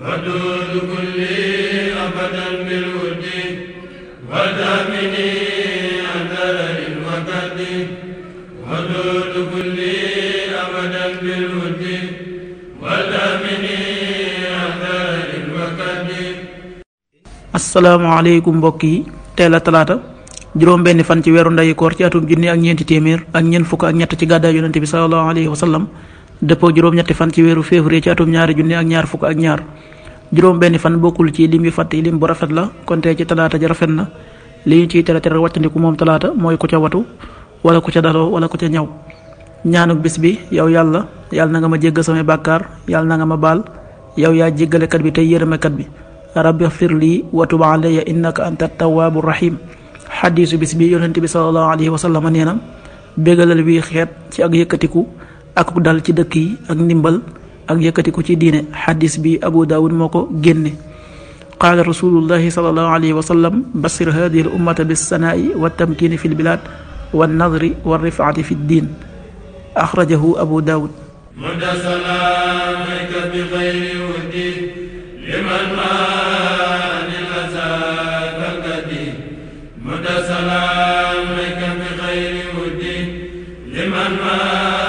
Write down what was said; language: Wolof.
ودود كلي أبدا بالود ودامني أدر وكد ودود كلي أبدا بالود ودامني أدر وكد السلام عليكم بكي تيلا ثلاثة juróom benn fan ci weeru ndeyu koor ci atum junni ak ñeenti téeméer ak ñeent fukk ak ñett ci gàddaay yonente bi alayhi wa dëppoo juróom-ñetti fan ci weeru février ci atum ñaari junni ak ñaar fukk ak ñaar juróom benn fan bokkul ci lim yu fàtt yi lim bu rafet la konte ci talaata ji rafet na li ñu ciy tere tere wàccandiku moom talaata mooy ku ca watu wala ku ca daloo wala ku ca ñaw ñaanuk bis bi yow yàlla yàlla na nga ma jéggal samay bàkkaar yàlla na nga ma baal yow yaa jéggalekat bi tey yërëmekat bi rabbi xfir lii wa tub alayya innaka anta tawaabu rahim xadiisu bis bi yonent bi sallallahu alayhi wa sallam nee na bégalal wii xeet ci ak yëkkatiku ak dal ci dëkk yi ak ndimbal ak yëkkatiku ci diine xadis bi abu daawud moo ko génne qaala rasulullahi salallahu alayhi wa sallam basir hadihi al ummata bilsanaai waltamkini fi lbilad walnadri walrifaati fi ddin axrajahu abu daawud mudda salaamika bi xayri wuddi liman ma min asaaka kadi mudda salaamika bi xayri wuddi liman ma